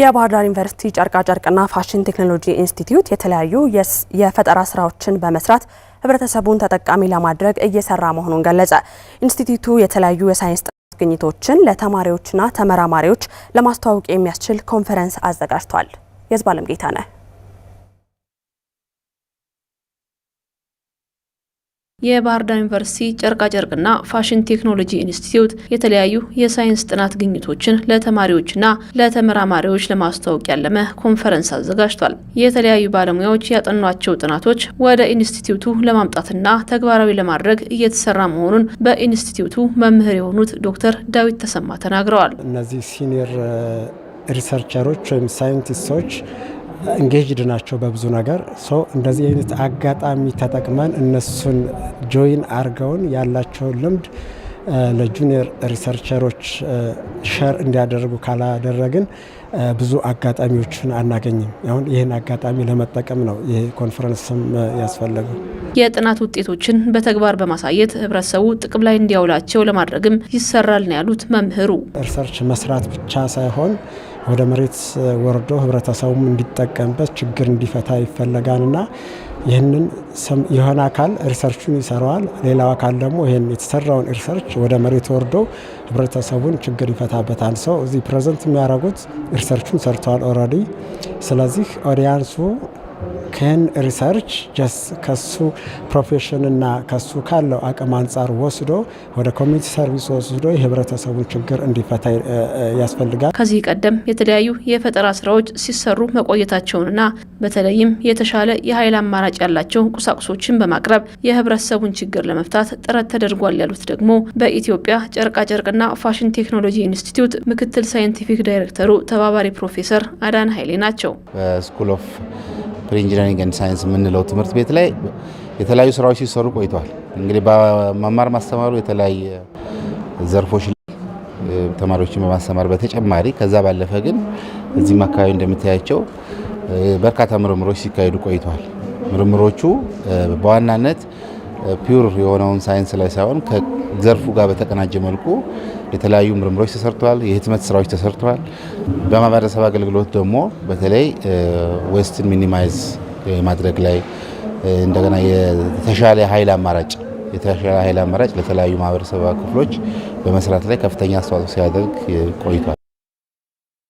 የባህር ዳር ዩኒቨርሲቲ ጨርቅና ፋሽን ቴክኖሎጂ ኢንስቲትዩት የተለያዩ የፈጠራ ስራዎችን በመስራት ህብረተሰቡን ተጠቃሚ ለማድረግ እየሰራ መሆኑን ገለጸ። ኢንስቲትዩቱ የተለያዩ የሳይንስ ጥናት ግኝቶችን ለተማሪዎችና ተመራማሪዎች ለማስተዋወቅ የሚያስችል ኮንፈረንስ አዘጋጅቷል። የዝባለም ጌታ ነህ የባህር ዳር ዩኒቨርሲቲ ጨርቃጨርቅና ፋሽን ቴክኖሎጂ ኢንስቲትዩት የተለያዩ የሳይንስ ጥናት ግኝቶችን ለተማሪዎችና ለተመራማሪዎች ለማስተዋወቅ ያለመ ኮንፈረንስ አዘጋጅቷል። የተለያዩ ባለሙያዎች ያጠኗቸው ጥናቶች ወደ ኢንስቲትዩቱ ለማምጣትና ተግባራዊ ለማድረግ እየተሰራ መሆኑን በኢንስቲትዩቱ መምህር የሆኑት ዶክተር ዳዊት ተሰማ ተናግረዋል። እነዚህ ሲኒየር ሪሰርቸሮች ወይም ሳይንቲስቶች እንጌጅድ ናቸው በብዙ ነገር እንደዚህ አይነት አጋጣሚ ተጠቅመን እነሱን ጆይን አርገውን ያላቸውን ልምድ ለጁኒየር ሪሰርቸሮች ሸር እንዲያደርጉ ካላደረግን ብዙ አጋጣሚዎችን አናገኝም። አሁን ይህን አጋጣሚ ለመጠቀም ነው ይህ ኮንፈረንስም ያስፈለገው። የጥናት ውጤቶችን በተግባር በማሳየት ህብረተሰቡ ጥቅም ላይ እንዲያውላቸው ለማድረግም ይሰራል ነው ያሉት መምህሩ። ሪሰርች መስራት ብቻ ሳይሆን ወደ መሬት ወርዶ ህብረተሰቡም እንዲጠቀምበት ችግር እንዲፈታ ይፈለጋልና ይህንን የሆነ አካል ሪሰርቹን ይሰራዋል፣ ሌላው አካል ደግሞ ይህን የተሰራውን ሪሰርች ወደ መሬት ወርዶ ህብረተሰቡን ችግር ይፈታበታል። ሰው እዚህ ፕሬዘንት የሚያደርጉት ሪሰርቹን ሰርተዋል ኦልሬዲ። ስለዚህ ኦዲያንሱ ከን ሪሰርች ጀስ ከሱ ፕሮፌሽንና ከሱ ካለው አቅም አንጻር ወስዶ ወደ ኮሚኒቲ ሰርቪስ ወስዶ የህብረተሰቡን ችግር እንዲፈታ ያስፈልጋል። ከዚህ ቀደም የተለያዩ የፈጠራ ስራዎች ሲሰሩ መቆየታቸውንና በተለይም የተሻለ የኃይል አማራጭ ያላቸው ቁሳቁሶችን በማቅረብ የህብረተሰቡን ችግር ለመፍታት ጥረት ተደርጓል ያሉት ደግሞ በኢትዮጵያ ጨርቃጨርቅና ፋሽን ቴክኖሎጂ ኢንስቲትዩት ምክትል ሳይንቲፊክ ዳይሬክተሩ ተባባሪ ፕሮፌሰር አዳን ኃይሌ ናቸው። ስኩል ኦፍ በኢንጂነሪንግ ኤንድ ሳይንስ የምንለው ትምህርት ቤት ላይ የተለያዩ ስራዎች ሲሰሩ ቆይተዋል። እንግዲህ በመማር ማስተማሩ የተለያየ ዘርፎች ተማሪዎችን በማስተማር በተጨማሪ ከዛ ባለፈ ግን እዚህም አካባቢ እንደምታያቸው በርካታ ምርምሮች ሲካሄዱ ቆይተዋል። ምርምሮቹ በዋናነት ፒውር የሆነውን ሳይንስ ላይ ሳይሆን ከዘርፉ ጋር በተቀናጀ መልኩ የተለያዩ ምርምሮች ተሰርተዋል። የህትመት ስራዎች ተሰርተዋል። በማህበረሰብ አገልግሎት ደግሞ በተለይ ዌስትን ሚኒማይዝ ማድረግ ላይ እንደገና የተሻለ ኃይል አማራጭ የተሻለ ኃይል አማራጭ ለተለያዩ ማህበረሰብ ክፍሎች በመስራት ላይ ከፍተኛ አስተዋጽኦ ሲያደርግ ቆይቷል።